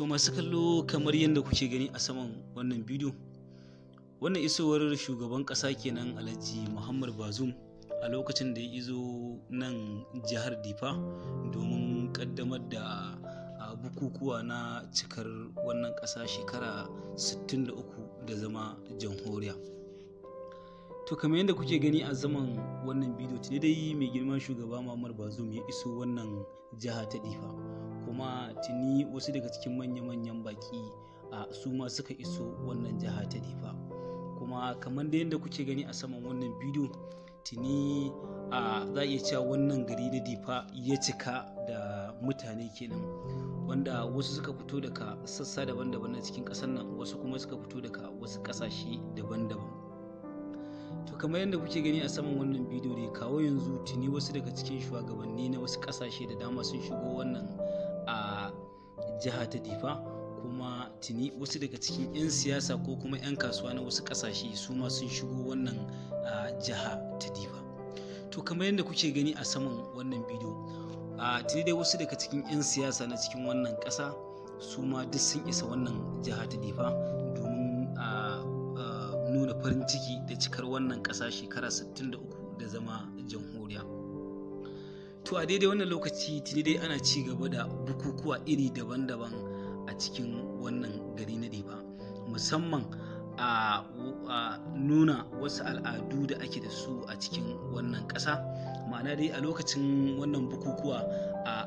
to masu kallo kamar yadda kuke gani a saman wannan bidiyo wannan isowar shugaban ƙasa kenan alhaji muhammad bazum a lokacin da ya izo nan jihar difa domin ƙaddamar da bukukuwa na cikar wannan ƙasa shekara 63 da zama jamhuriya to kamar yadda kuke gani a zaman wannan bidiyo tuni dai mai girman shugaba muhammad bazum ya iso wannan jiha ta difa kuma tuni wasu daga cikin manya-manyan baki su ma suka iso wannan jiha ta difa kuma kamar da yadda kuke gani a saman wannan bidiyo tuni a za a iya cewa wannan gari na difa ya cika da mutane kenan wanda wasu suka fito daga sassa daban-daban na cikin ƙasar nan wasu kuma suka fito daga wasu ƙasashe daban-daban to kamar yadda kuke gani a saman wannan bidiyo ne kawo yanzu tuni wasu daga cikin shugabanni na wasu ƙasashe da dama sun shigo wannan a jiha ta difa kuma tuni wasu daga cikin 'yan siyasa ko kuma 'yan kasuwa na wasu kasashe su ma sun shigo wannan jiha ta difa to kamar yadda kuke gani a saman wannan bidiyo a tuni dai wasu daga cikin 'yan siyasa na cikin wannan ƙasa su ma duk sun isa wannan jiha ta difa domin nuna farin ciki da cikar wannan kasa shekara 63 da zama jamhuriya. to a daidai wannan lokaci tuni dai ana ci gaba da bukukuwa iri daban-daban a cikin wannan gari na diba musamman a nuna wasu al'adu da ake da su a cikin wannan ƙasa ma'ana dai a lokacin wannan bukukuwa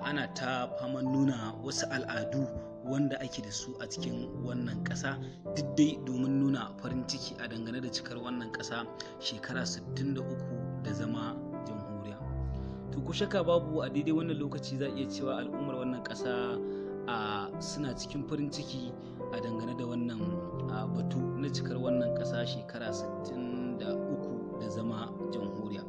ana ta faman nuna wasu al'adu wanda ake da su a cikin wannan ƙasa duk dai domin nuna farin ciki a dangane da cikar wannan ƙasa shekara 63 da zama ku shaka babu a daidai wannan lokaci za iya cewa al'ummar wannan ƙasa a suna cikin farin ciki a dangane da wannan batu na cikar wannan ƙasa shekara 63 da zama jamhuriya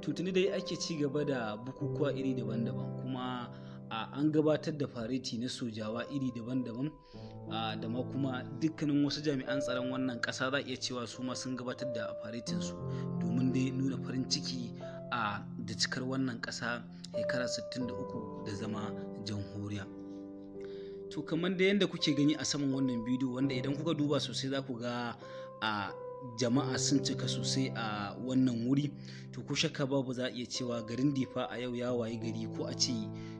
tutuni dai ake ci gaba da bukukuwa iri daban-daban kuma an gabatar da fareti na sojawa iri daban-daban da ma kuma dukkanin wasu jami'an tsaron wannan ƙasa za iya cewa su ma sun gabatar da faretinsu domin dai nuna farin ciki a da cikar wannan ƙasa shekara 63 da zama jamhuriya to kamar da yadda kuke gani a saman wannan bidiyo wanda idan kuka duba sosai za ku ga a jama'a sun cika sosai a wannan wuri to ku shakka babu za a iya cewa garin difa a yau ya wayi gari ko a ce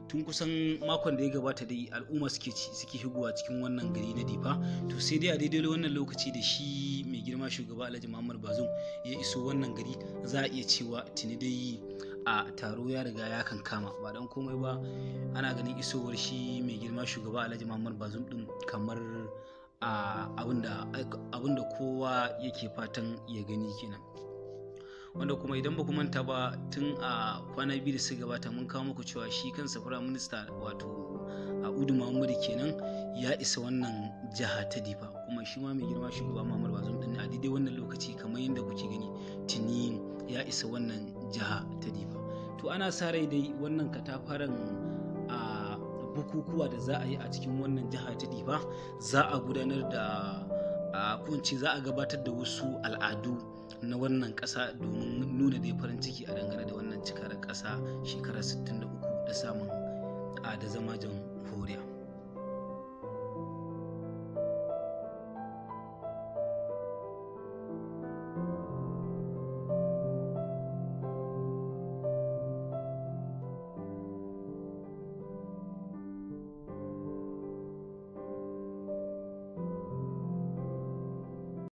tun kusan makon da ya gabata dai al'umma suke suke higuwa cikin wannan gari na difa to sai dai a daidai wannan lokaci da shi mai girma shugaba alhaji muhammad bazum ya iso wannan gari za a iya cewa tuni dai a taro ya riga ya kan kama ba dan komai ba ana ganin isowar shi mai girma shugaba alhaji muhammad bazum din kamar da kowa yake fatan ya gani kenan wanda kuma idan ba ku manta ba tun a kwana biyu da su gabata mun kawo muku cewa shi kan firayim minista wato a udu muhammadu kenan ya isa wannan jiha ta difa kuma shi ma mai girma shugaba muhammad bazum din a daidai wannan lokaci kamar yadda kuke gani tuni ya isa wannan jiha ta difa to ana sa rai dai wannan katafaren a bukukuwa da za a yi a cikin wannan jiha ta difa za a gudanar da A za a gabatar da wasu al'adu na wannan ƙasa domin nuna dai farin ciki a dangane da wannan cikar ƙasa shekara 63 da samun da zama jan koriya.